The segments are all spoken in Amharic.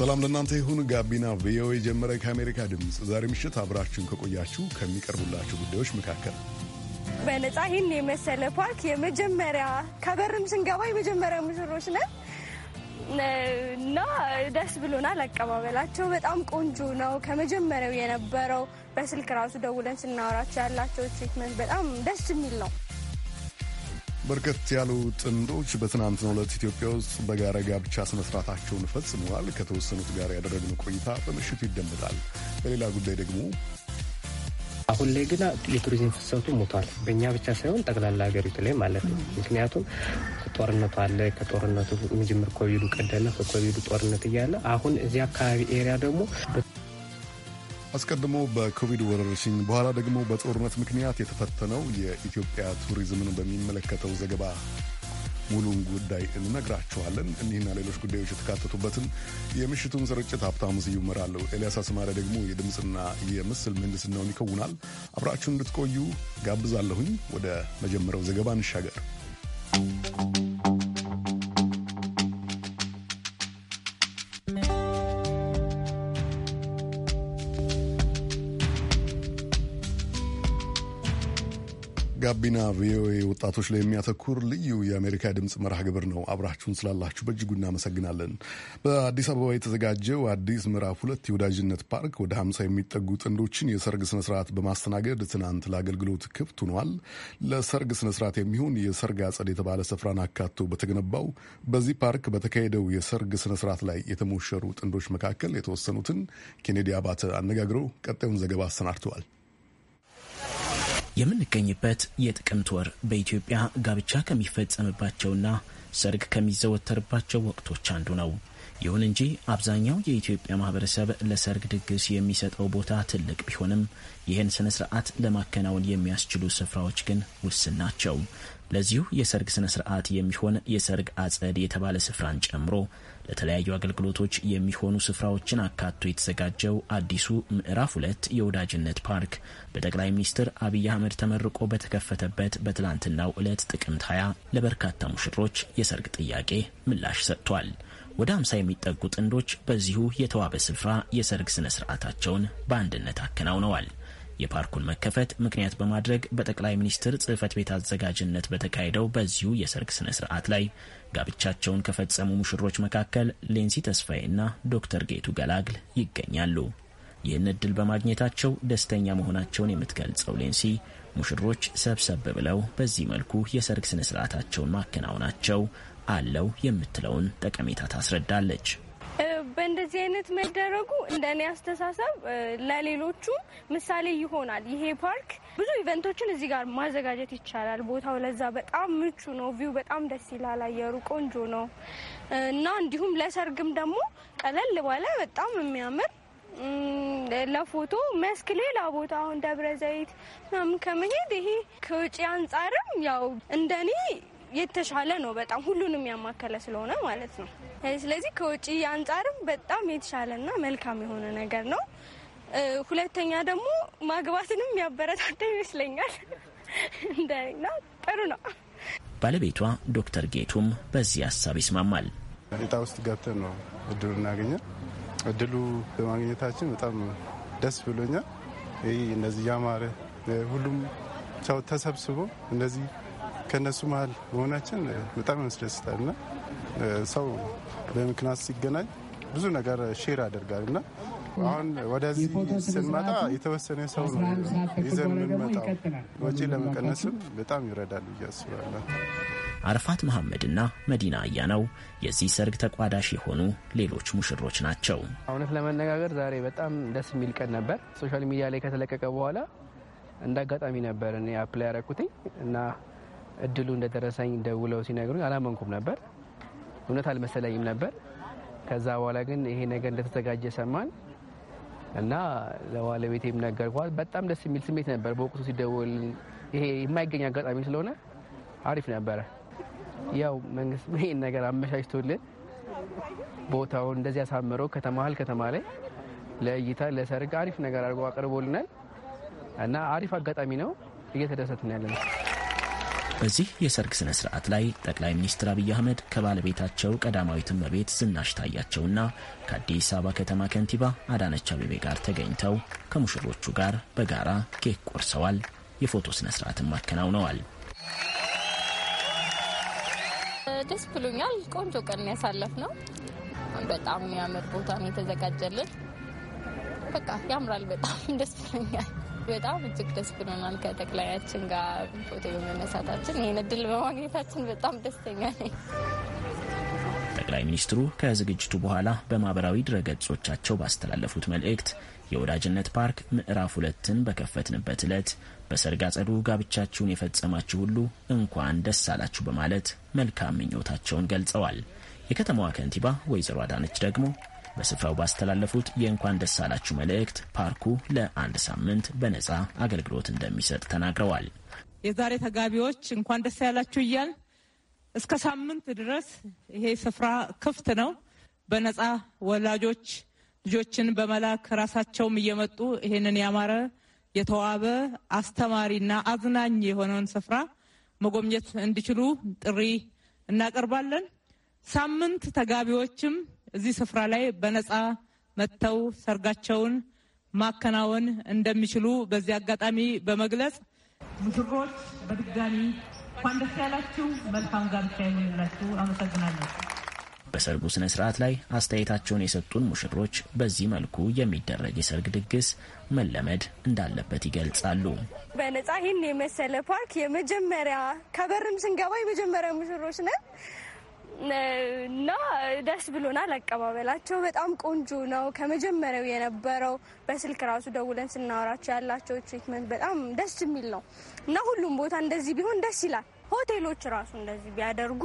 ሰላም ለእናንተ ይሁን። ጋቢና ቪኦኤ ጀመረ። ከአሜሪካ ድምፅ ዛሬ ምሽት አብራችሁን ከቆያችሁ ከሚቀርቡላችሁ ጉዳዮች መካከል በነፃ ይህን የመሰለ ፓርክ የመጀመሪያ ከበርም ስንገባ የመጀመሪያ ሙሽሮች ነን እና ደስ ብሎናል። አቀባበላቸው በጣም ቆንጆ ነው። ከመጀመሪያው የነበረው በስልክ ራሱ ደውለን ስናወራቸው ያላቸው ትሪትመንት በጣም ደስ የሚል ነው። በርከት ያሉ ጥንዶች በትናንትናው ዕለት ኢትዮጵያ ውስጥ በጋራ ጋብቻ ስነ ስርዓታቸውን ፈጽመዋል። ከተወሰኑት ጋር ያደረግነው ቆይታ በምሽቱ ይደመጣል። በሌላ ጉዳይ ደግሞ አሁን ላይ ግን የቱሪዝም ፍሰቱ ሞቷል። በእኛ ብቻ ሳይሆን ጠቅላላ ሀገሪቱ ላይ ማለት ነው። ምክንያቱም ጦርነቱ አለ። ከጦርነቱ ምጅምር ኮቪዱ ቀደመ። ከኮቪዱ ጦርነት እያለ አሁን እዚህ አካባቢ ኤሪያ ደግሞ አስቀድሞ በኮቪድ ወረርሽኝ በኋላ ደግሞ በጦርነት ምክንያት የተፈተነው የኢትዮጵያ ቱሪዝምን በሚመለከተው ዘገባ ሙሉን ጉዳይ እንነግራችኋለን። እኒህና ሌሎች ጉዳዮች የተካተቱበትን የምሽቱን ስርጭት ሀብታሙ ስዩም እመራለሁ። ኤልያስ አስማሪያ ደግሞ የድምፅና የምስል ምህንድስናውን ይከውናል። አብራችሁ እንድትቆዩ ጋብዛለሁኝ። ወደ መጀመሪያው ዘገባ እንሻገር። ጋቢና ቪኦኤ ወጣቶች ላይ የሚያተኩር ልዩ የአሜሪካ ድምፅ መርሃ ግብር ነው። አብራችሁን ስላላችሁ በእጅጉ እናመሰግናለን። በአዲስ አበባ የተዘጋጀው አዲስ ምዕራፍ ሁለት የወዳጅነት ፓርክ ወደ ሀምሳ የሚጠጉ ጥንዶችን የሰርግ ስነስርዓት በማስተናገድ ትናንት ለአገልግሎት ክፍት ሆኗል። ለሰርግ ስነስርዓት የሚሆን የሰርግ አጸድ የተባለ ስፍራን አካቶ በተገነባው በዚህ ፓርክ በተካሄደው የሰርግ ስነስርዓት ላይ የተሞሸሩ ጥንዶች መካከል የተወሰኑትን ኬኔዲ አባተ አነጋግረው ቀጣዩን ዘገባ አሰናድተዋል። የምንገኝበት የጥቅምት ወር በኢትዮጵያ ጋብቻ ከሚፈጸምባቸውና ሰርግ ከሚዘወተርባቸው ወቅቶች አንዱ ነው። ይሁን እንጂ አብዛኛው የኢትዮጵያ ማህበረሰብ ለሰርግ ድግስ የሚሰጠው ቦታ ትልቅ ቢሆንም ይህን ስነ ስርዓት ለማከናወን የሚያስችሉ ስፍራዎች ግን ውስን ናቸው። ለዚሁ የሰርግ ስነ ስርዓት የሚሆን የሰርግ አጸድ የተባለ ስፍራን ጨምሮ ለተለያዩ አገልግሎቶች የሚሆኑ ስፍራዎችን አካቶ የተዘጋጀው አዲሱ ምዕራፍ ሁለት የወዳጅነት ፓርክ በጠቅላይ ሚኒስትር አብይ አህመድ ተመርቆ በተከፈተበት በትላንትናው ዕለት ጥቅምት 20 ለበርካታ ሙሽሮች የሰርግ ጥያቄ ምላሽ ሰጥቷል። ወደ አምሳ የሚጠጉ ጥንዶች በዚሁ የተዋበ ስፍራ የሰርግ ስነ ስርዓታቸውን በአንድነት አከናውነዋል። የፓርኩን መከፈት ምክንያት በማድረግ በጠቅላይ ሚኒስትር ጽህፈት ቤት አዘጋጅነት በተካሄደው በዚሁ የሰርግ ስነ ስርዓት ላይ ጋብቻቸውን ከፈጸሙ ሙሽሮች መካከል ሌንሲ ተስፋዬና ዶክተር ጌቱ ገላግል ይገኛሉ። ይህን እድል በማግኘታቸው ደስተኛ መሆናቸውን የምትገልጸው ሌንሲ ሙሽሮች ሰብሰብ ብለው በዚህ መልኩ የሰርግ ስነ ስርዓታቸውን ማከናወናቸው አለው የምትለውን ጠቀሜታ ታስረዳለች። በእንደዚህ አይነት መደረጉ እንደኔ አስተሳሰብ ለሌሎቹም ምሳሌ ይሆናል። ይሄ ፓርክ ብዙ ኢቨንቶችን እዚህ ጋር ማዘጋጀት ይቻላል። ቦታው ለዛ በጣም ምቹ ነው። ቪው በጣም ደስ ይላል። አየሩ ቆንጆ ነው እና እንዲሁም ለሰርግም ደግሞ ቀለል ባለ በጣም የሚያምር ለፎቶ መስክ ሌላ ቦታ አሁን ደብረ ዘይት ምናምን ከመሄድ ይሄ ከውጪ አንጻርም ያው እንደኔ የተሻለ ነው። በጣም ሁሉንም ያማከለ ስለሆነ ማለት ነው። ስለዚህ ከውጭ አንጻርም በጣም የተሻለና መልካም የሆነ ነገር ነው። ሁለተኛ ደግሞ ማግባትንም ያበረታታ ይመስለኛል እንደና ጥሩ ነው። ባለቤቷ ዶክተር ጌቱም በዚህ ሀሳብ ይስማማል። እጣ ውስጥ ገብተን ነው እድሉ እናገኘ እድሉ በማግኘታችን በጣም ደስ ብሎኛል። ይህ እነዚህ ያማረ ሁሉም ሰው ተሰብስቦ እንደዚህ ከእነሱ መሀል መሆናችን በጣም ያስደስታልና ሰው በምክንያት ሲገናኝ ብዙ ነገር ሼር ያደርጋል እና አሁን ወደዚህ ስንመጣ የተወሰነ ሰው ነው ይዘን የምንመጣው። ወጪ ለመቀነስም በጣም ይረዳል ብዬ አስባለሁ። አረፋት መሐመድና መዲና አያናው የዚህ ሰርግ ተቋዳሽ የሆኑ ሌሎች ሙሽሮች ናቸው። እውነት ለመነጋገር ዛሬ በጣም ደስ የሚል ቀን ነበር። ሶሻል ሚዲያ ላይ ከተለቀቀ በኋላ እንደ አጋጣሚ ነበር እኔ አፕላይ ያረኩትኝ እና እድሉ እንደደረሰኝ ደውለው ሲነግሩኝ አላመንኩም ነበር እውነት አልመሰለኝም ነበር። ከዛ በኋላ ግን ይሄ ነገር እንደተዘጋጀ ሰማን እና ለባለቤቴም ነገርኳት። በጣም ደስ የሚል ስሜት ነበር በወቅቱ ሲደወል። ይሄ የማይገኝ አጋጣሚ ስለሆነ አሪፍ ነበረ። ያው መንግስት ይሄን ነገር አመቻችቶልን ቦታውን እንደዚህ ያሳምረው ከተማህል ከተማ ላይ ለእይታ ለሰርግ አሪፍ ነገር አድርጎ አቅርቦልናል እና አሪፍ አጋጣሚ ነው። እየተደሰትን ያለነው በዚህ የሰርግ ስነ ስርዓት ላይ ጠቅላይ ሚኒስትር አብይ አህመድ ከባለቤታቸው ቀዳማዊት እመቤት ዝናሽ ታያቸውና ከአዲስ አበባ ከተማ ከንቲባ አዳነች አቤቤ ጋር ተገኝተው ከሙሽሮቹ ጋር በጋራ ኬክ ቆርሰዋል። የፎቶ ስነ ስርዓትም አከናውነዋል። ደስ ብሎኛል። ቆንጆ ቀን ያሳለፍ ነው። በጣም የሚያምር ቦታ ነው የተዘጋጀልን። በቃ ያምራል። በጣም ደስ ብሎኛል። በጣም እጅግ ደስ ብሎናል። ከጠቅላያችን ጋር ፎቶ በመነሳታችን ይህን እድል በማግኘታችን በጣም ደስተኛ ነኝ። ጠቅላይ ሚኒስትሩ ከዝግጅቱ በኋላ በማህበራዊ ድረገጾቻቸው ባስተላለፉት መልእክት የወዳጅነት ፓርክ ምዕራፍ ሁለትን በከፈትንበት ዕለት በሰርግ አጸዱ ጋብቻችሁን የፈጸማችሁ ሁሉ እንኳን ደስ አላችሁ በማለት መልካም ምኞታቸውን ገልጸዋል። የከተማዋ ከንቲባ ወይዘሮ አዳነች ደግሞ በስፍራው ባስተላለፉት የእንኳን ደስ አላችሁ መልእክት ፓርኩ ለአንድ ሳምንት በነጻ አገልግሎት እንደሚሰጥ ተናግረዋል። የዛሬ ተጋቢዎች እንኳን ደስ ያላችሁ እያል እስከ ሳምንት ድረስ ይሄ ስፍራ ክፍት ነው። በነጻ ወላጆች ልጆችን በመላክ ራሳቸውም እየመጡ ይሄንን ያማረ የተዋበ አስተማሪና አዝናኝ የሆነውን ስፍራ መጎብኘት እንዲችሉ ጥሪ እናቀርባለን። ሳምንት ተጋቢዎችም እዚህ ስፍራ ላይ በነፃ መጥተው ሰርጋቸውን ማከናወን እንደሚችሉ በዚህ አጋጣሚ በመግለጽ ሙሽሮች በድጋሚ እንኳን ደስ ያላችሁ፣ መልካም ጋብቻ የምንላችሁ አመሰግናለሁ። በሰርጉ ስነ ስርዓት ላይ አስተያየታቸውን የሰጡን ሙሽሮች በዚህ መልኩ የሚደረግ የሰርግ ድግስ መለመድ እንዳለበት ይገልጻሉ። በነጻ ይህን የመሰለ ፓርክ የመጀመሪያ ከበርም ስንገባ የመጀመሪያ ሙሽሮች ነን። እና ደስ ብሎናል። አቀባበላቸው በጣም ቆንጆ ነው። ከመጀመሪያው የነበረው በስልክ ራሱ ደውለን ስናወራቸው ያላቸው ትሪትመንት በጣም ደስ የሚል ነው እና ሁሉም ቦታ እንደዚህ ቢሆን ደስ ይላል። ሆቴሎች ራሱ እንደዚህ ቢያደርጉ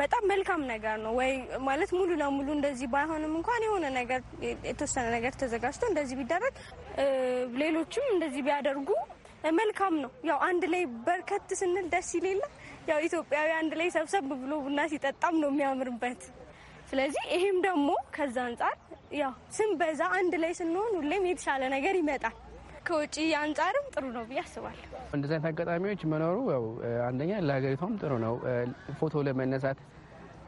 በጣም መልካም ነገር ነው። ወይ ማለት ሙሉ ለሙሉ እንደዚህ ባይሆንም እንኳን የሆነ ነገር የተወሰነ ነገር ተዘጋጅቶ እንደዚህ ቢደረግ ሌሎችም እንደዚህ ቢያደርጉ መልካም ነው። ያው አንድ ላይ በርከት ስንል ደስ ይሌለን ያው ኢትዮጵያዊ አንድ ላይ ሰብሰብ ብሎ ቡና ሲጠጣም ነው የሚያምርበት። ስለዚህ ይሄም ደግሞ ከዛ አንጻር ያው ስንበዛ አንድ ላይ ስንሆን ሁሌም የተሻለ ነገር ይመጣል። ከውጭ አንጻርም ጥሩ ነው ብዬ አስባለሁ። እንደዚህ አይነት አጋጣሚዎች መኖሩ ያው አንደኛ ለሀገሪቷም ጥሩ ነው። ፎቶ ለመነሳት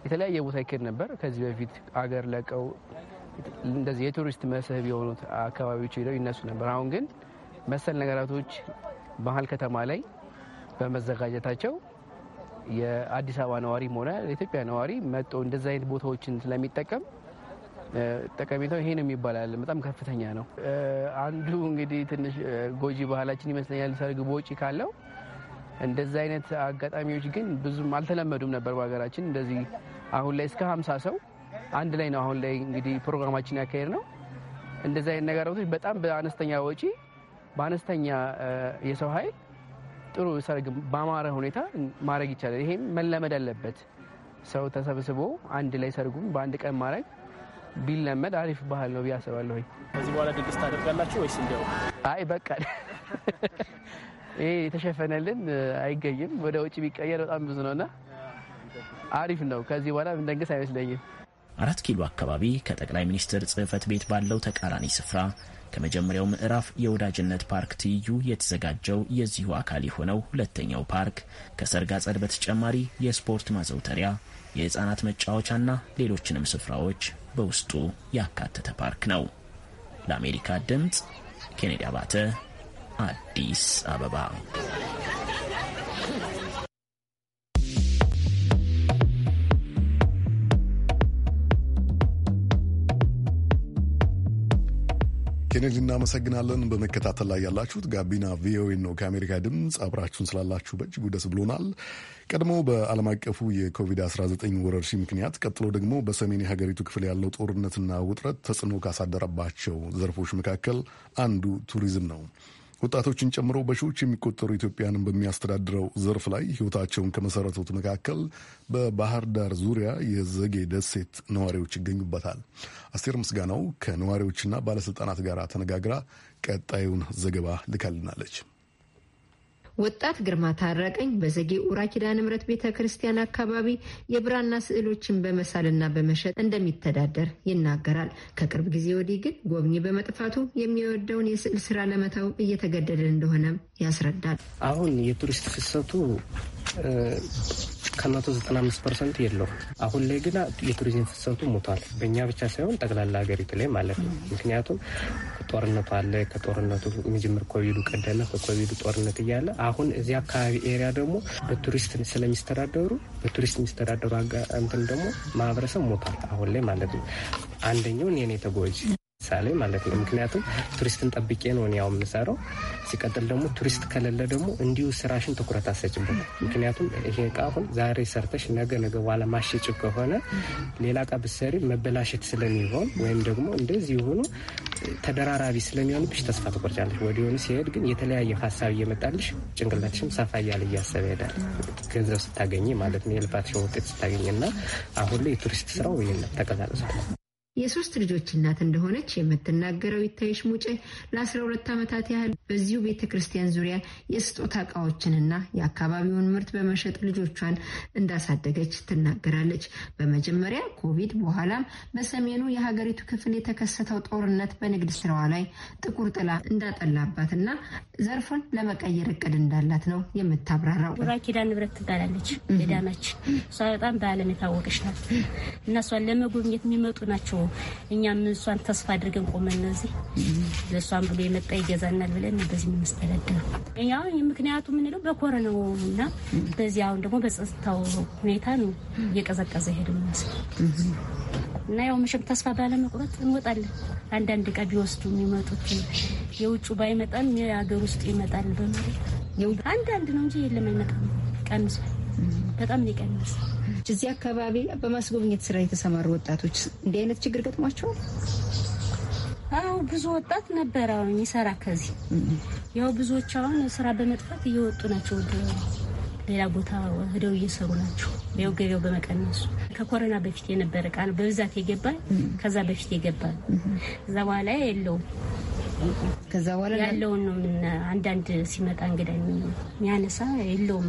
የተለያየ ቦታ ይኬድ ነበር። ከዚህ በፊት አገር ለቀው እንደዚህ የቱሪስት መስህብ የሆኑት አካባቢዎች ሄደው ይነሱ ነበር። አሁን ግን መሰል ነገራቶች መሀል ከተማ ላይ በመዘጋጀታቸው የአዲስ አበባ ነዋሪም ሆነ የኢትዮጵያ ነዋሪ መጦ እንደዚ አይነት ቦታዎችን ስለሚጠቀም ጠቀሜታው ይሄ ነው የሚባላል በጣም ከፍተኛ ነው። አንዱ እንግዲህ ትንሽ ጎጂ ባህላችን ይመስለኛል ሰርግ በውጪ ካለው እንደዚ አይነት አጋጣሚዎች ግን ብዙም አልተለመዱም ነበር በሀገራችን። እንደዚህ አሁን ላይ እስከ ሀምሳ ሰው አንድ ላይ ነው አሁን ላይ እንግዲህ ፕሮግራማችን ያካሄድ ነው። እንደዚ አይነት ነገራቶች በጣም በአነስተኛ ወጪ በአነስተኛ የሰው ኃይል ጥሩ ሰርግ በአማረ ሁኔታ ማድረግ ይቻላል። ይሄም መለመድ አለበት። ሰው ተሰብስቦ አንድ ላይ ሰርጉም በአንድ ቀን ማድረግ ቢለመድ አሪፍ ባህል ነው ብያስባለሁ። ከዚህ በኋላ ድግስ ታደርጋላችሁ ወይስ እንዲያው? አይ በቃ ይሄ የተሸፈነልን አይገኝም። ወደ ውጭ ቢቀየር በጣም ብዙ ነውና አሪፍ ነው። ከዚህ በኋላ ምንደንግስ አይመስለኝም። አራት ኪሎ አካባቢ ከጠቅላይ ሚኒስትር ጽህፈት ቤት ባለው ተቃራኒ ስፍራ ከመጀመሪያው ምዕራፍ የወዳጅነት ፓርክ ትይዩ የተዘጋጀው የዚሁ አካል የሆነው ሁለተኛው ፓርክ ከሰርግ አጸድ በተጨማሪ የስፖርት ማዘውተሪያ፣ መጫወቻ መጫወቻና ሌሎችንም ስፍራዎች በውስጡ ያካተተ ፓርክ ነው። ለአሜሪካ ድምፅ ኬኔዲ አባተ አዲስ አበባ ቴኔል እናመሰግናለን። በመከታተል ላይ ያላችሁት ጋቢና ቪኦኤ ነው። ከአሜሪካ ድምፅ አብራችሁን ስላላችሁ በእጅጉ ደስ ብሎናል። ቀድሞ በዓለም አቀፉ የኮቪድ-19 ወረርሽኝ ምክንያት፣ ቀጥሎ ደግሞ በሰሜን የሀገሪቱ ክፍል ያለው ጦርነትና ውጥረት ተጽዕኖ ካሳደረባቸው ዘርፎች መካከል አንዱ ቱሪዝም ነው። ወጣቶችን ጨምሮ በሺዎች የሚቆጠሩ ኢትዮጵያንን በሚያስተዳድረው ዘርፍ ላይ ህይወታቸውን ከመሰረቱት መካከል በባህር ዳር ዙሪያ የዘጌ ደሴት ነዋሪዎች ይገኙበታል። አስቴር ምስጋናው ከነዋሪዎችና ባለስልጣናት ጋር ተነጋግራ ቀጣዩን ዘገባ ልካልናለች። ወጣት ግርማ ታረቀኝ በዘጌ ኡራ ኪዳነ ምሕረት ቤተ ክርስቲያን አካባቢ የብራና ስዕሎችን በመሳልና በመሸጥ እንደሚተዳደር ይናገራል። ከቅርብ ጊዜ ወዲህ ግን ጎብኚ በመጥፋቱ የሚወደውን የስዕል ስራ ለመተው እየተገደደ እንደሆነም ያስረዳል። አሁን የቱሪስት ፍሰቱ ከመቶ ዘጠና አምስት ፐርሰንት የለውም። አሁን ላይ ግን የቱሪዝም ፍሰቱ ሞቷል። በእኛ ብቻ ሳይሆን ጠቅላላ ሀገሪቱ ላይ ማለት ነው። ምክንያቱም ጦርነቱ አለ። ከጦርነቱ የሚጀምር ኮቪዱ ቀደመ፣ ከኮቪዱ ጦርነት እያለ አሁን እዚህ አካባቢ ኤሪያ ደግሞ በቱሪስት ስለሚስተዳደሩ በቱሪስት የሚስተዳደሩ እንትን ደግሞ ማህበረሰብ ሞቷል አሁን ላይ ማለት ነው። አንደኛውን የኔ ተጎጂ ምሳሌ ማለት ነው። ምክንያቱም ቱሪስትን ጠብቄ ነው ያው የምሰራው። ሲቀጥል ደግሞ ቱሪስት ከሌለ ደግሞ እንዲሁ ስራሽን ትኩረት አሰጭበት። ምክንያቱም ይሄ እቃ አሁን ዛሬ ሰርተሽ ነገ ነገ በኋላ ማሸጭ ከሆነ ሌላ እቃ ብትሰሪ መበላሸት ስለሚሆን ወይም ደግሞ እንደዚህ የሆኑ ተደራራቢ ስለሚሆንብሽ ተስፋ ትቆርጫለሽ። ወዲሆኑ ሲሄድ ግን የተለያየ ሀሳብ እየመጣልሽ ጭንቅላትሽም ሰፋ እያለ እያሰበ ይሄዳል። ገንዘብ ስታገኝ ማለት ነው የልፋትሽን ውጤት ስታገኝና አሁን ላይ የቱሪስት ስራው ይህን ተቀዛቅዟል። የሶስት ልጆች እናት እንደሆነች የምትናገረው ይታይሽ ሙጬ ለአስራ ሁለት ዓመታት ያህል በዚሁ ቤተ ክርስቲያን ዙሪያ የስጦታ እቃዎችንና የአካባቢውን ምርት በመሸጥ ልጆቿን እንዳሳደገች ትናገራለች። በመጀመሪያ ኮቪድ፣ በኋላም በሰሜኑ የሀገሪቱ ክፍል የተከሰተው ጦርነት በንግድ ስራዋ ላይ ጥቁር ጥላ እንዳጠላባትና ዘርፉን ለመቀየር እቅድ እንዳላት ነው የምታብራራው። ራ ኪዳን ንብረት ትባላለች። ገዳማችን እሷ በጣም በዓለም የታወቀች ናት እና እሷን ለመጎብኘት የሚመጡ ናቸው እኛም እሷን ተስፋ አድርገን ቆመን እዚህ ለእሷን ብሎ የመጣ ይገዛናል ብለን እንደዚህ የምንስተዳደረው ያው ምክንያቱ የምንለው በኮረናው እና በዚህ አሁን ደግሞ በጸጥታው ሁኔታ ነው እየቀዘቀዘ ሄደ መስል እና ያው መቼም ተስፋ ባለመቁረጥ እንወጣለን። አንዳንድ ዕቃ ቢወስዱ የሚመጡት የውጭ ባይመጣም የሀገር ውስጥ ይመጣል በማለት አንዳንድ ነው እንጂ የለም አይመጣም። ቀንሷል፣ በጣም ነው እዚህ አካባቢ በማስጎብኘት ስራ የተሰማሩ ወጣቶች እንዲህ አይነት ችግር ገጥሟቸዋል? አዎ ብዙ ወጣት ነበረ ይሰራ ከዚህ ያው ብዙዎች አሁን ስራ በመጥፋት እየወጡ ናቸው ወደ ሌላ ቦታ ሄደው እየሰሩ ናቸው። ያው ገቢያው በመቀነሱ ከኮረና በፊት የነበረ እቃ ነው በብዛት የገባል። ከዛ በፊት የገባል። እዛ በኋላ የለውም ከዛ በኋላ ያለውን ነው። ምን አንዳንድ ሲመጣ እንግዳ የሚያነሳ የለውም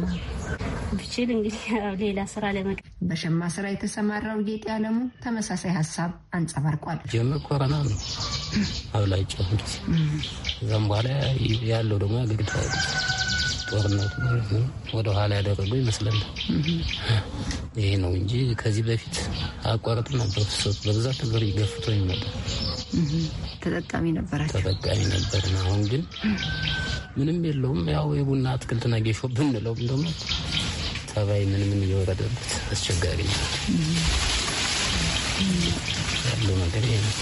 ብችል እንግዲህ ሌላ ስራ ለመቀ በሸማ ስራ የተሰማራው ጌጤ አለሙ ተመሳሳይ ሀሳብ አንጸባርቋል። ጀምር ኮረና ነው አብላይ እንግዲህ ከዛም በኋላ ያለው ደግሞ ያገድታ ጦርነቱ ወደ ኋላ ያደረገው ይመስለል። ይሄ ነው እንጂ ከዚህ በፊት አቋረጥ ነበር። በብዛት ብር ይገፍቶ ይመጣል ተጠቃሚ ነበራቸው። ተጠቃሚ ነበር አሁን ግን ምንም የለውም። ያው የቡና አትክልትና ጌሾ ብንለውም ደግሞ ተባይ ምንምን እየወረደበት አስቸጋሪ ነው ያለው ነገር ይሄ ነው።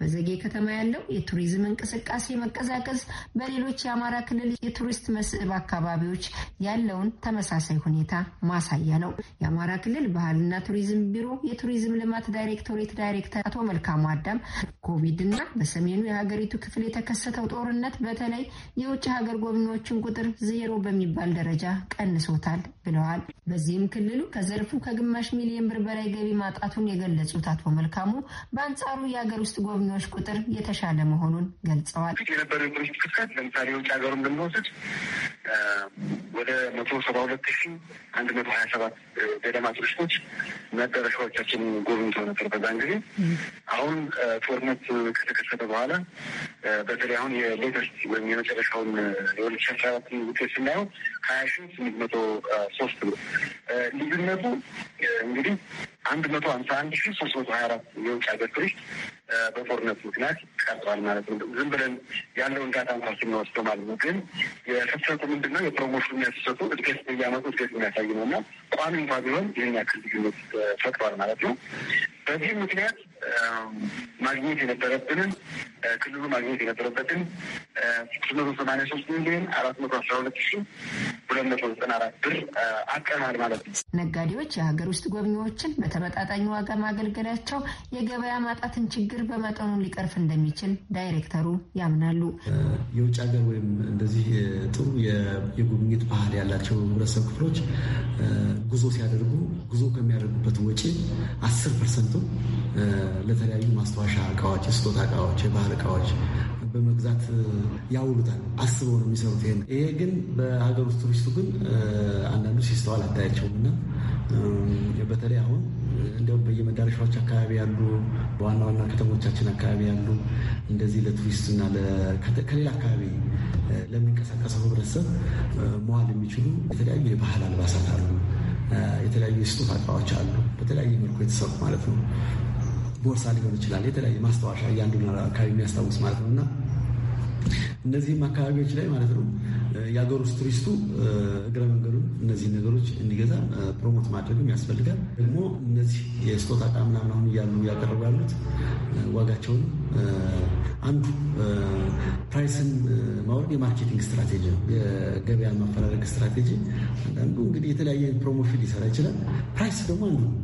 በዘጌ ከተማ ያለው የቱሪዝም እንቅስቃሴ መቀዛቀዝ በሌሎች የአማራ ክልል የቱሪስት መስህብ አካባቢዎች ያለውን ተመሳሳይ ሁኔታ ማሳያ ነው። የአማራ ክልል ባህልና ቱሪዝም ቢሮ የቱሪዝም ልማት ዳይሬክቶሬት ዳይሬክተር አቶ መልካሙ አዳም ኮቪድ እና በሰሜኑ የሀገሪቱ ክፍል የተከሰተው ጦርነት በተለይ የውጭ ሀገር ጎብኚዎችን ቁጥር ዜሮ በሚባል ደረጃ ቀንሶታል ብለዋል። በዚህም ክልሉ ከዘርፉ ከግማሽ ሚሊዮን ብር በላይ ገቢ ማጣቱን የገለጹት አቶ መልካሙ በአንጻሩ የሀገር ውስጥ ጎብኚዎች ቁጥር የተሻለ መሆኑን ገልጸዋል። የነበረ የቱሪስት ፍሰት ለምሳሌ የውጭ ሀገሩን ብንወስድ ወደ መቶ ሰባ ሁለት ሺ አንድ መቶ ሀያ ሰባት ገደማ ቱሪስቶች መዳረሻዎቻችን ጎብኝተው ነበር በዛን ጊዜ። አሁን ጦርነት ከተከሰተ በኋላ በተለይ አሁን የሌተስት ወይም የመጨረሻውን የሁለት ሺ አስራ አራት ውጤት ስናየው ሀያ ሺ ስምንት መቶ ሶስት ነው። ልዩነቱ እንግዲህ አንድ መቶ ሀምሳ አንድ ሺ ሶስት መቶ ሀያ አራት የውጭ ሀገር ቱሪስት በጦርነት ምክንያት ቀርቷል ማለት ነው። ዝም ብለን ያለውን ዳታ እንኳ ስንወስደው ማለት ነው። ግን የፍሰቱ ምንድን ነው? የፕሮሞሽኑ የሚያስሰቱ እድገት እያመጡ እድገት የሚያሳይ ነው እና ቋሚ እንኳ ቢሆን ይህን ያክል ልዩነት ፈጥሯል ማለት ነው። በዚህ ምክንያት ማግኘት የነበረብንን ክልሉ ማግኘት የነበረበትን ስድስት መቶ ሰማንያ ሶስት ሚሊዮን አራት መቶ አስራ ሁለት ሺ ሁለት መቶ ዘጠና አራት ብር አቀናል ማለት ነው። ነጋዴዎች የሀገር ውስጥ ጎብኚዎችን በተመጣጣኝ ዋጋ ማገልገላቸው የገበያ ማጣትን ችግር በመጠኑ ሊቀርፍ እንደሚችል ዳይሬክተሩ ያምናሉ። የውጭ ሀገር ወይም እንደዚህ ጥሩ የጉብኝት ባህል ያላቸው ህብረተሰብ ክፍሎች ጉዞ ሲያደርጉ ጉዞ ከሚያደርጉበት ወጪ አስር ፐርሰንቱ ለተለያዩ ማስታወሻ እቃዎች፣ ስጦታ እቃዎች፣ የባህል የመሰል እቃዎች በመግዛት ያውሉታል። አስበው ነው የሚሰሩት። ይሄ ይሄ ግን በሀገር ውስጥ ቱሪስቱ ግን አንዳንዱ ሲስተዋል አታያቸውም እና በተለይ አሁን እንዲሁም በየመዳረሻዎች አካባቢ ያሉ በዋና ዋና ከተሞቻችን አካባቢ ያሉ እንደዚህ ለቱሪስትና ከሌላ አካባቢ ለሚንቀሳቀሰው ህብረተሰብ መዋል የሚችሉ የተለያዩ የባህል አልባሳት አሉ። የተለያዩ የስጦታ እቃዎች አሉ። በተለያየ መልኩ የተሰሩ ማለት ነው። ቦርሳ ሊሆን ይችላል፣ የተለያየ ማስታወሻ እያንዱን አካባቢ የሚያስታውስ ማለት ነው እና እነዚህም አካባቢዎች ላይ ማለት ነው የሀገር ውስጥ ቱሪስቱ እግረ መንገዱን እነዚህ ነገሮች እንዲገዛ ፕሮሞት ማድረግም ያስፈልጋል። ደግሞ እነዚህ የስጦታ ዕቃ ምናምን አሁን እያሉ እያቀረቡ ያሉት ዋጋቸውን አንዱ ፕራይስን ማውረድ የማርኬቲንግ ስትራቴጂ ነው፣ የገበያ ማፈላለግ ስትራቴጂ። አንዳንዱ እንግዲህ የተለያየ ፕሮሞሽን ሊሰራ ይችላል። ፕራይስ ደግሞ አንዱ ነው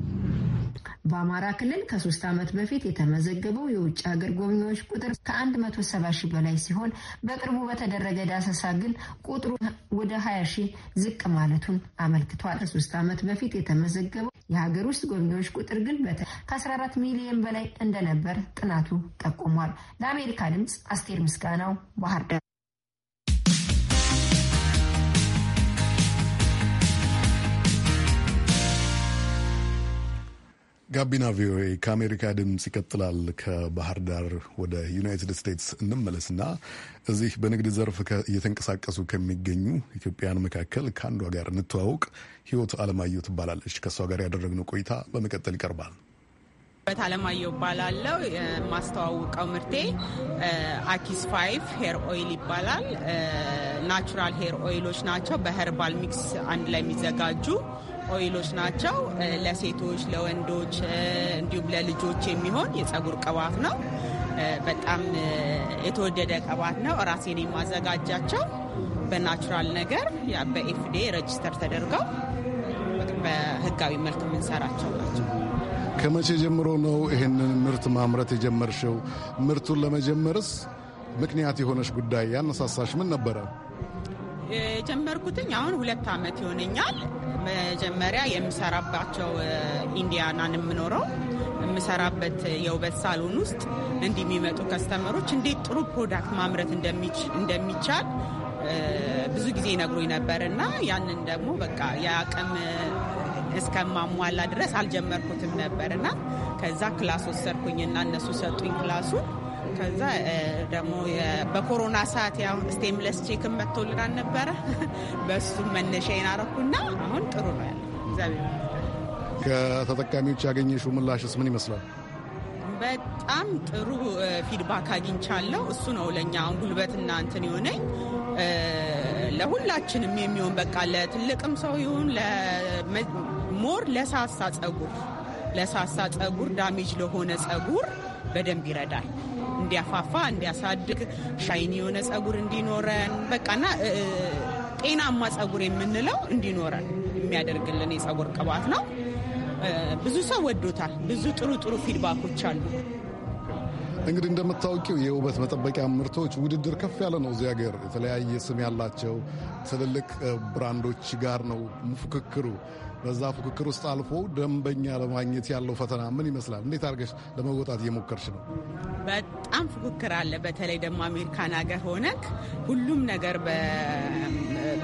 በአማራ ክልል ከሶስት ዓመት በፊት የተመዘገበው የውጭ ሀገር ጎብኚዎች ቁጥር ከ170 ሺህ በላይ ሲሆን በቅርቡ በተደረገ ዳሰሳ ግን ቁጥሩ ወደ 20 ሺህ ዝቅ ማለቱን አመልክቷል። ከሶስት ዓመት በፊት የተመዘገበው የሀገር ውስጥ ጎብኚዎች ቁጥር ግን ከ14 ሚሊዮን በላይ እንደነበር ጥናቱ ጠቁሟል። ለአሜሪካ ድምፅ አስቴር ምስጋናው ባህር ዳር ጋቢና ቪኦኤ ከአሜሪካ ድምፅ ይቀጥላል። ከባህር ዳር ወደ ዩናይትድ ስቴትስ እንመለስና እዚህ በንግድ ዘርፍ እየተንቀሳቀሱ ከሚገኙ ኢትዮጵያን መካከል ከአንዷ ጋር እንተዋውቅ። ህይወት አለማየሁ ትባላለች። ከእሷ ጋር ያደረግነው ቆይታ በመቀጠል ይቀርባል። ህይወት አለማየሁ ይባላለው። የማስተዋውቀው ምርቴ አኪስ ፋይቭ ሄር ኦይል ይባላል። ናቹራል ሄር ኦይሎች ናቸው። በሄርባል ሚክስ አንድ ላይ የሚዘጋጁ ኦይሎች ናቸው። ለሴቶች፣ ለወንዶች እንዲሁም ለልጆች የሚሆን የጸጉር ቅባት ነው። በጣም የተወደደ ቅባት ነው። ራሴን የማዘጋጃቸው በናቹራል ነገር በኤፍዴ ረጅስተር ተደርገው በህጋዊ መልክ የምንሰራቸው ናቸው። ከመቼ ጀምሮ ነው ይህንን ምርት ማምረት የጀመርሽው? ምርቱን ለመጀመርስ ምክንያት የሆነች ጉዳይ ያነሳሳሽ ምን ነበረ? የጀመርኩትኝ አሁን ሁለት ዓመት ይሆነኛል። መጀመሪያ የምሰራባቸው ኢንዲያናን የምኖረው የምሰራበት የውበት ሳሎን ውስጥ እንዲህ የሚመጡ ከስተመሮች እንዴት ጥሩ ፕሮዳክት ማምረት እንደሚቻል ብዙ ጊዜ ነግሮኝ ነበር እና ያንን ደግሞ በቃ የአቅም እስከማሟላ ድረስ አልጀመርኩትም ነበር እና ከዛ ክላስ ወሰድኩኝና እነሱ ሰጡኝ ክላሱን ከዛ ደግሞ በኮሮና ሰዓት ስቴምለስ ቼክን መጥቶልናል ነበረ። በእሱም መነሻዬን አረኩና አሁን ጥሩ ነው ያለ እግዚአብሔር። ከተጠቃሚዎች ያገኘሽው ምላሽስ ምን ይመስላል? በጣም ጥሩ ፊድባክ አግኝቻለሁ። እሱ ነው ለእኛ አሁን ጉልበትና እንትን የሆነኝ ለሁላችንም የሚሆን በቃ ለትልቅም ሰው ይሁን ሞር ለሳሳ ጸጉር ለሳሳ ጸጉር ዳሜጅ ለሆነ ጸጉር በደንብ ይረዳል። እንዲያፋፋ እንዲያሳድግ፣ ሻይኒ የሆነ ጸጉር እንዲኖረን በቃና ጤናማ ጸጉር የምንለው እንዲኖረን የሚያደርግልን የጸጉር ቅባት ነው። ብዙ ሰው ወዶታል። ብዙ ጥሩ ጥሩ ፊድባኮች አሉ። እንግዲህ እንደምታውቂው የውበት መጠበቂያ ምርቶች ውድድር ከፍ ያለ ነው እዚህ ሀገር። የተለያየ ስም ያላቸው ትልልቅ ብራንዶች ጋር ነው ፉክክሩ። በዛ ፉክክር ውስጥ አልፎ ደንበኛ ለማግኘት ያለው ፈተና ምን ይመስላል? እንዴት አድርገሽ ለመወጣት እየሞከርሽ ነው? በጣም ፉክክር አለ። በተለይ ደግሞ አሜሪካን ሀገር ሆነክ ሁሉም ነገር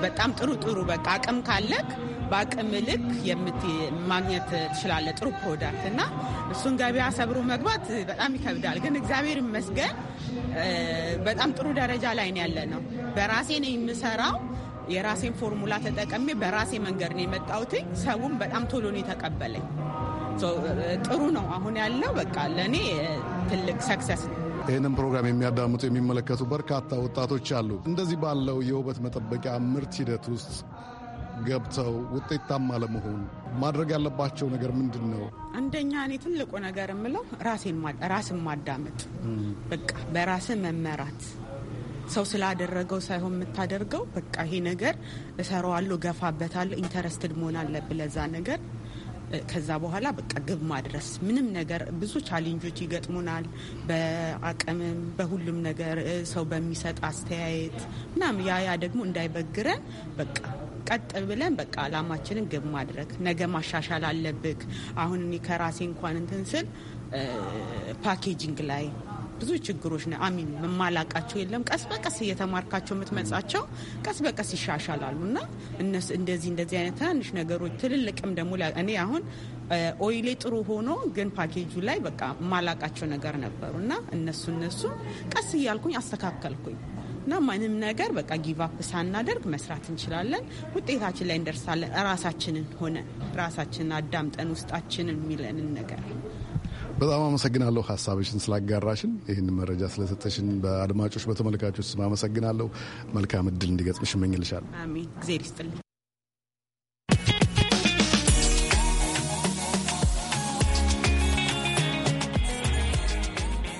በጣም ጥሩ ጥሩ በቃ አቅም ካለክ በአቅም ልክ ማግኘት ትችላለ ጥሩ ፕሮዳክት እና እሱን ገበያ ሰብሮ መግባት በጣም ይከብዳል። ግን እግዚአብሔር ይመስገን በጣም ጥሩ ደረጃ ላይ ነው ያለ ነው። በራሴ ነው የምሰራው የራሴን ፎርሙላ ተጠቀሜ በራሴ መንገድ ነው የመጣሁትኝ። ሰውም በጣም ቶሎ ነው የተቀበለኝ። ጥሩ ነው አሁን ያለው በቃ ለእኔ ትልቅ ሰክሰስ ነው። ይህንን ፕሮግራም የሚያዳምጡ የሚመለከቱ በርካታ ወጣቶች አሉ። እንደዚህ ባለው የውበት መጠበቂያ ምርት ሂደት ውስጥ ገብተው ውጤታማ ለመሆን ማድረግ ያለባቸው ነገር ምንድን ነው? አንደኛ እኔ ትልቁ ነገር የምለው ራስን ማዳመጥ፣ በቃ በራስ መመራት ሰው ስላደረገው ሳይሆን የምታደርገው በቃ ይሄ ነገር እሰራዋለሁ፣ ገፋበታለሁ፣ ኢንተረስትድ መሆን አለብህ ለዛ ነገር ከዛ በኋላ በቃ ግብ ማድረስ ምንም ነገር ብዙ ቻሌንጆች ይገጥሙናል። በአቅምም በሁሉም ነገር ሰው በሚሰጥ አስተያየት ምናምን ያ ያ ደግሞ እንዳይበግረን በቃ ቀጥ ብለን በቃ አላማችንን ግብ ማድረግ ነገ ማሻሻል አለብክ። አሁን እኔ ከራሴ እንኳን እንትን ስል ፓኬጂንግ ላይ ብዙ ችግሮች ነ አሚን የማላቃቸው የለም። ቀስ በቀስ እየተማርካቸው የምትመጻቸው ቀስ በቀስ ይሻሻላሉ እና እነሱ እንደዚህ እንደዚህ አይነት ትናንሽ ነገሮች ትልልቅም ደግሞ እኔ አሁን ኦይሌ ጥሩ ሆኖ ግን ፓኬጁ ላይ በቃ ማላቃቸው ነገር ነበሩ እና እነሱ እነሱ ቀስ እያልኩኝ አስተካከልኩኝ እና ምንም ነገር በቃ ጊቫፕ ሳናደርግ መስራት እንችላለን፣ ውጤታችን ላይ እንደርሳለን። ራሳችንን ሆነ ራሳችንን አዳምጠን ውስጣችንን የሚለንን ነገር በጣም አመሰግናለሁ ሀሳብሽን ስላጋራሽን፣ ይህን መረጃ ስለሰጠሽን በአድማጮች በተመልካቾች ስም አመሰግናለሁ። መልካም እድል እንዲገጥምሽ እመኝልሻለሁ። አሜን።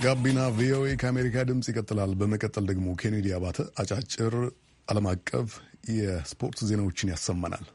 ጋቢና ቪኦኤ ከአሜሪካ ድምፅ ይቀጥላል። በመቀጠል ደግሞ ኬኔዲ አባተ አጫጭር ዓለም አቀፍ የስፖርት ዜናዎችን ያሰማናል።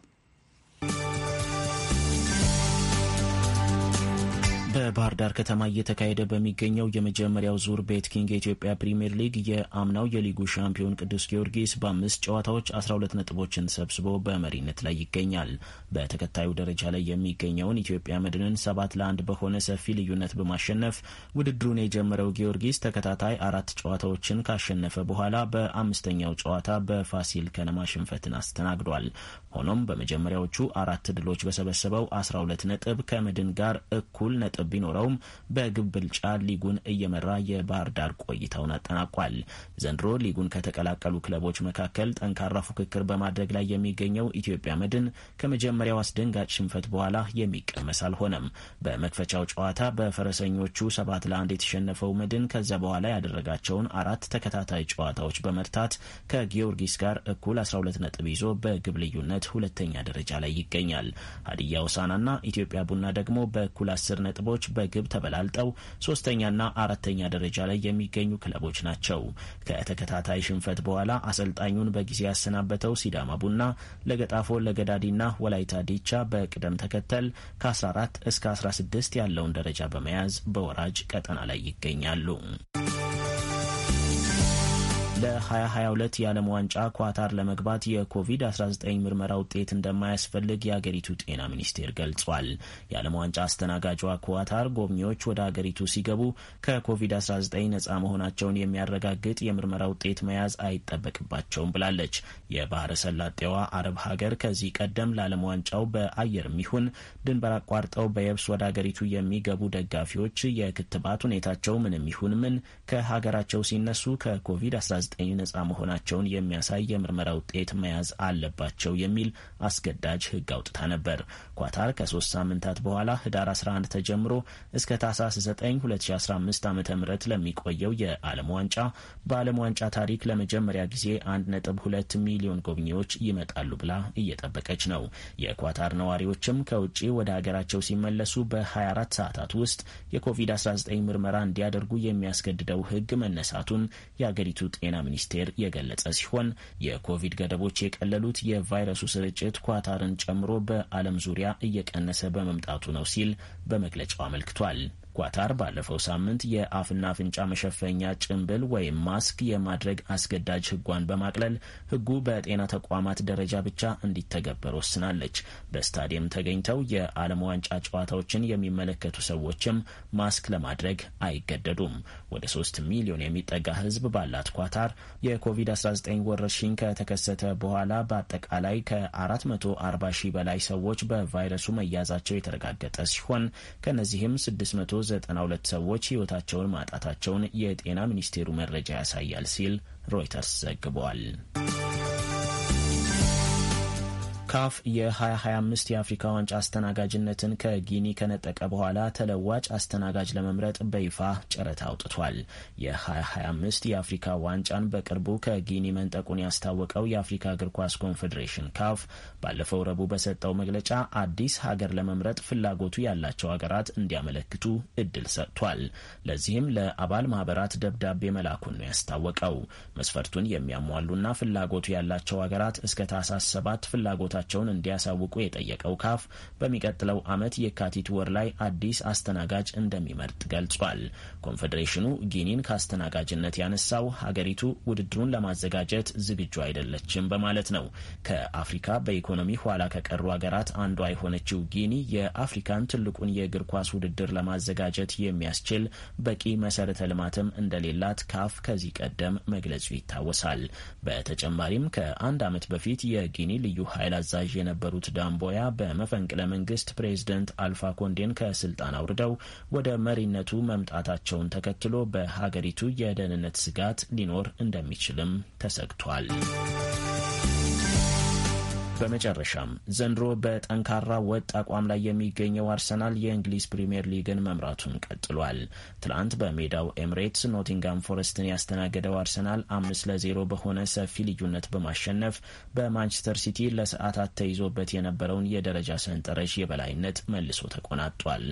በባህር ዳር ከተማ እየተካሄደ በሚገኘው የመጀመሪያው ዙር ቤት ኪንግ የኢትዮጵያ ፕሪምየር ሊግ የአምናው የሊጉ ሻምፒዮን ቅዱስ ጊዮርጊስ በአምስት ጨዋታዎች 12 ነጥቦችን ሰብስቦ በመሪነት ላይ ይገኛል። በተከታዩ ደረጃ ላይ የሚገኘውን ኢትዮጵያ መድንን ሰባት ለአንድ በሆነ ሰፊ ልዩነት በማሸነፍ ውድድሩን የጀመረው ጊዮርጊስ ተከታታይ አራት ጨዋታዎችን ካሸነፈ በኋላ በአምስተኛው ጨዋታ በፋሲል ከነማ ሽንፈትን አስተናግዷል። ሆኖም በመጀመሪያዎቹ አራት ድሎች በሰበሰበው 12 ነጥብ ከምድን ጋር እኩል ነጥብ ቢኖረውም በግብ ብልጫ ሊጉን እየመራ የባህር ዳር ቆይታውን አጠናቋል። ዘንድሮ ሊጉን ከተቀላቀሉ ክለቦች መካከል ጠንካራ ፉክክር በማድረግ ላይ የሚገኘው ኢትዮጵያ መድን ከመጀመሪያው አስደንጋጭ ሽንፈት በኋላ የሚቀመስ አልሆነም። በመክፈቻው ጨዋታ በፈረሰኞቹ ሰባት ለአንድ የተሸነፈው መድን ከዚያ በኋላ ያደረጋቸውን አራት ተከታታይ ጨዋታዎች በመርታት ከጊዮርጊስ ጋር እኩል 12 ነጥብ ይዞ በግብ ልዩነት በመውጣት ሁለተኛ ደረጃ ላይ ይገኛል። ሀዲያ ሆሳዕናና ኢትዮጵያ ቡና ደግሞ በእኩል አስር ነጥቦች በግብ ተበላልጠው ሶስተኛና አራተኛ ደረጃ ላይ የሚገኙ ክለቦች ናቸው። ከተከታታይ ሽንፈት በኋላ አሰልጣኙን በጊዜ ያሰናበተው ሲዳማ ቡና ለገጣፎ፣ ለገዳዲና ወላይታ ዲቻ በቅደም ተከተል ከ14 እስከ 16 ያለውን ደረጃ በመያዝ በወራጅ ቀጠና ላይ ይገኛሉ። ለ2022 የዓለም ዋንጫ ኳታር ለመግባት የኮቪድ-19 ምርመራ ውጤት እንደማያስፈልግ የአገሪቱ ጤና ሚኒስቴር ገልጿል። የዓለም ዋንጫ አስተናጋጇ ኳታር ጎብኚዎች ወደ አገሪቱ ሲገቡ ከኮቪድ-19 ነፃ መሆናቸውን የሚያረጋግጥ የምርመራ ውጤት መያዝ አይጠበቅባቸውም ብላለች። የባህረ ሰላጤዋ አረብ ሀገር ከዚህ ቀደም ለዓለም ዋንጫው በአየር ሚሆን ድንበር አቋርጠው በየብስ ወደ አገሪቱ የሚገቡ ደጋፊዎች የክትባት ሁኔታቸው ምንም ይሁን ምን ከሀገራቸው ሲነሱ ከኮቪድ-19 ከ ነጻ መሆናቸውን የሚያሳይ የምርመራ ውጤት መያዝ አለባቸው የሚል አስገዳጅ ህግ አውጥታ ነበር። ኳታር ከሶስት ሳምንታት በኋላ ህዳር 11 ተጀምሮ እስከ ታህሳስ 9 2015 ዓ ም ለሚቆየው የዓለም ዋንጫ በዓለም ዋንጫ ታሪክ ለመጀመሪያ ጊዜ 1.2 ሚሊዮን ጎብኚዎች ይመጣሉ ብላ እየጠበቀች ነው። የኳታር ነዋሪዎችም ከውጭ ወደ ሀገራቸው ሲመለሱ በ24 ሰዓታት ውስጥ የኮቪድ-19 ምርመራ እንዲያደርጉ የሚያስገድደው ህግ መነሳቱን የአገሪቱ ጤና የጤና ሚኒስቴር የገለጸ ሲሆን የኮቪድ ገደቦች የቀለሉት የቫይረሱ ስርጭት ኳታርን ጨምሮ በዓለም ዙሪያ እየቀነሰ በመምጣቱ ነው ሲል በመግለጫው አመልክቷል። ኳታር ባለፈው ሳምንት የአፍና አፍንጫ መሸፈኛ ጭንብል ወይም ማስክ የማድረግ አስገዳጅ ህጓን በማቅለል ህጉ በጤና ተቋማት ደረጃ ብቻ እንዲተገበር ወስናለች። በስታዲየም ተገኝተው የዓለም ዋንጫ ጨዋታዎችን የሚመለከቱ ሰዎችም ማስክ ለማድረግ አይገደዱም። ወደ ሶስት ሚሊዮን የሚጠጋ ህዝብ ባላት ኳታር የኮቪድ-19 ወረርሽኝ ከተከሰተ በኋላ በአጠቃላይ ከ440 ሺህ በላይ ሰዎች በቫይረሱ መያዛቸው የተረጋገጠ ሲሆን ከነዚህም 6 92 ሰዎች ሕይወታቸውን ማጣታቸውን የጤና ሚኒስቴሩ መረጃ ያሳያል ሲል ሮይተርስ ዘግቧል። ካፍ የ2025 የአፍሪካ ዋንጫ አስተናጋጅነትን ከጊኒ ከነጠቀ በኋላ ተለዋጭ አስተናጋጅ ለመምረጥ በይፋ ጨረታ አውጥቷል። የ2025 የአፍሪካ ዋንጫን በቅርቡ ከጊኒ መንጠቁን ያስታወቀው የአፍሪካ እግር ኳስ ኮንፌዴሬሽን ካፍ ባለፈው ረቡዕ በሰጠው መግለጫ አዲስ ሀገር ለመምረጥ ፍላጎቱ ያላቸው ሀገራት እንዲያመለክቱ እድል ሰጥቷል። ለዚህም ለአባል ማህበራት ደብዳቤ መላኩን ነው ያስታወቀው። መስፈርቱን የሚያሟሉና ፍላጎቱ ያላቸው ሀገራት እስከ ታህሳስ ሰባት ፍላጎታቸው መሆናቸውን እንዲያሳውቁ የጠየቀው ካፍ በሚቀጥለው ዓመት የካቲት ወር ላይ አዲስ አስተናጋጅ እንደሚመርጥ ገልጿል። ኮንፌዴሬሽኑ ጊኒን ከአስተናጋጅነት ያነሳው ሀገሪቱ ውድድሩን ለማዘጋጀት ዝግጁ አይደለችም በማለት ነው። ከአፍሪካ በኢኮኖሚ ኋላ ከቀሩ ሀገራት አንዷ የሆነችው ጊኒ የአፍሪካን ትልቁን የእግር ኳስ ውድድር ለማዘጋጀት የሚያስችል በቂ መሰረተ ልማትም እንደሌላት ካፍ ከዚህ ቀደም መግለጹ ይታወሳል። በተጨማሪም ከአንድ ዓመት በፊት የጊኒ ልዩ ኃይል አዛዥ የነበሩት ዳምቦያ በመፈንቅለ መንግስት ፕሬዝደንት አልፋ ኮንዴን ከስልጣን አውርደው ወደ መሪነቱ መምጣታቸውን ተከትሎ በሀገሪቱ የደህንነት ስጋት ሊኖር እንደሚችልም ተሰግቷል። በመጨረሻም ዘንድሮ በጠንካራ ወጥ አቋም ላይ የሚገኘው አርሰናል የእንግሊዝ ፕሪምየር ሊግን መምራቱን ቀጥሏል። ትናንት በሜዳው ኤምሬትስ ኖቲንጋም ፎረስትን ያስተናገደው አርሰናል አምስት ለዜሮ በሆነ ሰፊ ልዩነት በማሸነፍ በማንቸስተር ሲቲ ለሰዓታት ተይዞበት የነበረውን የደረጃ ሰንጠረዥ የበላይነት መልሶ ተቆናጧል።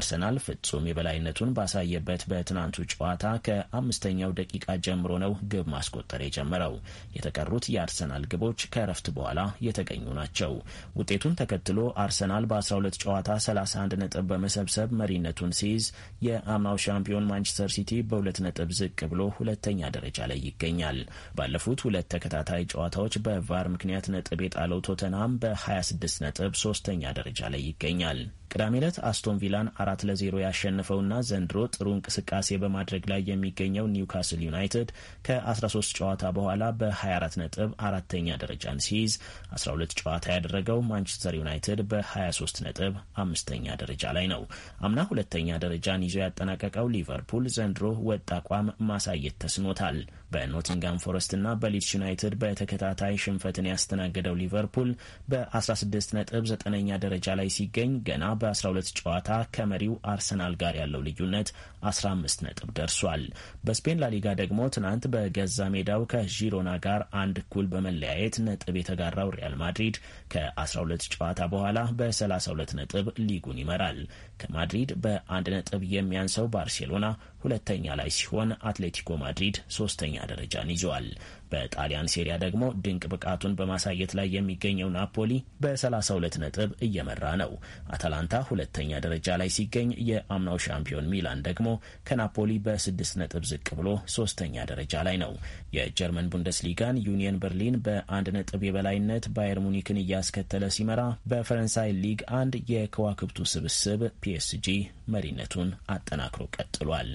አርሰናል ፍጹም የበላይነቱን ባሳየበት በትናንቱ ጨዋታ ከአምስተኛው ደቂቃ ጀምሮ ነው ግብ ማስቆጠር የጀመረው። የተቀሩት የአርሰናል ግቦች ከእረፍት በኋላ የተ የተገኙ ናቸው። ውጤቱን ተከትሎ አርሰናል በ12 ጨዋታ 31 ነጥብ በመሰብሰብ መሪነቱን ሲይዝ የአምናው ሻምፒዮን ማንቸስተር ሲቲ በሁለት ነጥብ ዝቅ ብሎ ሁለተኛ ደረጃ ላይ ይገኛል። ባለፉት ሁለት ተከታታይ ጨዋታዎች በቫር ምክንያት ነጥብ የጣለው ቶተናም በ26 ነጥብ ሶስተኛ ደረጃ ላይ ይገኛል። ቅዳሜ ዕለት አስቶን ቪላን አራት ለዜሮ ያሸነፈውና ዘንድሮ ጥሩ እንቅስቃሴ በማድረግ ላይ የሚገኘው ኒውካስል ዩናይትድ ከ13 ጨዋታ በኋላ በ24 ነጥብ አራተኛ ደረጃን ሲይዝ 12 ጨዋታ ያደረገው ማንቸስተር ዩናይትድ በ23 ነጥብ አምስተኛ ደረጃ ላይ ነው። አምና ሁለተኛ ደረጃን ይዞ ያጠናቀቀው ሊቨርፑል ዘንድሮ ወጥ አቋም ማሳየት ተስኖታል። በኖቲንጋም ፎረስት እና በሊድስ ዩናይትድ በተከታታይ ሽንፈትን ያስተናገደው ሊቨርፑል በ16 ነጥብ ዘጠነኛ ደረጃ ላይ ሲገኝ ገና በ12 ጨዋታ ከመሪው አርሰናል ጋር ያለው ልዩነት 15 ነጥብ ደርሷል። በስፔን ላሊጋ ደግሞ ትናንት በገዛ ሜዳው ከዢሮና ጋር አንድ እኩል በመለያየት ነጥብ የተጋራው ሪያል ማድሪድ ከ12 ጨዋታ በኋላ በ32 ነጥብ ሊጉን ይመራል። ከማድሪድ በአንድ ነጥብ የሚያንሰው ባርሴሎና ሁለተኛ ላይ ሲሆን አትሌቲኮ ማድሪድ ሶስተኛ ደረጃን ይዟል። በጣሊያን ሴሪያ ደግሞ ድንቅ ብቃቱን በማሳየት ላይ የሚገኘው ናፖሊ በ32 ነጥብ እየመራ ነው። አታላንታ ሁለተኛ ደረጃ ላይ ሲገኝ የአምናው ሻምፒዮን ሚላን ደግሞ ከናፖሊ በ6 ነጥብ ዝቅ ብሎ ሶስተኛ ደረጃ ላይ ነው። የጀርመን ቡንደስሊጋን ዩኒየን በርሊን በአንድ ነጥብ የበላይነት ባየር ሙኒክን እያስከተለ ሲመራ፣ በፈረንሳይ ሊግ አንድ የከዋክብቱ ስብስብ ፒኤስጂ መሪነቱን አጠናክሮ ቀጥሏል።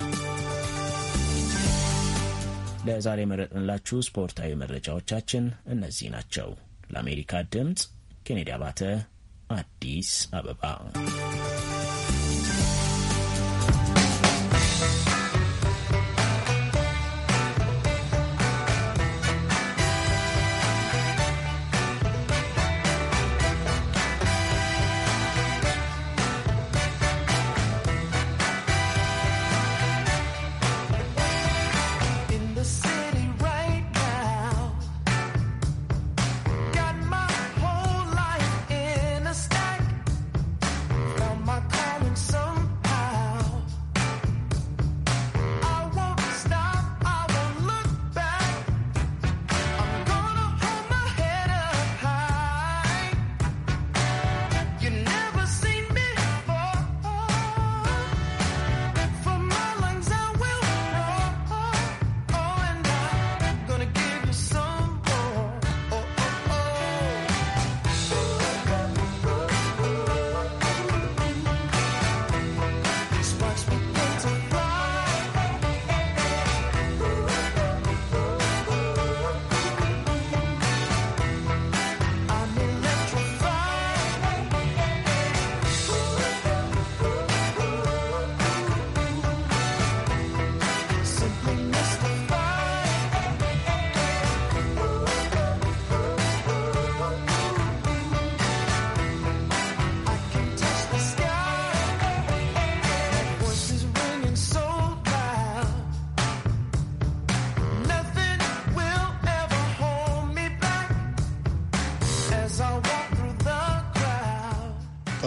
ለዛሬ መረጥንላችሁ ስፖርታዊ መረጃዎቻችን እነዚህ ናቸው። ለአሜሪካ ድምፅ ኬኔዲ አባተ አዲስ አበባ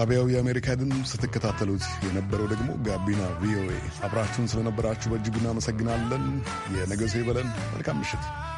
ጣቢያው የአሜሪካ ድምፅ ስትከታተሉት የነበረው ደግሞ ጋቢና ቪኦኤ። አብራችሁን ስለነበራችሁ በእጅጉ እናመሰግናለን። የነገ ሰው ይበለን። መልካም ምሽት።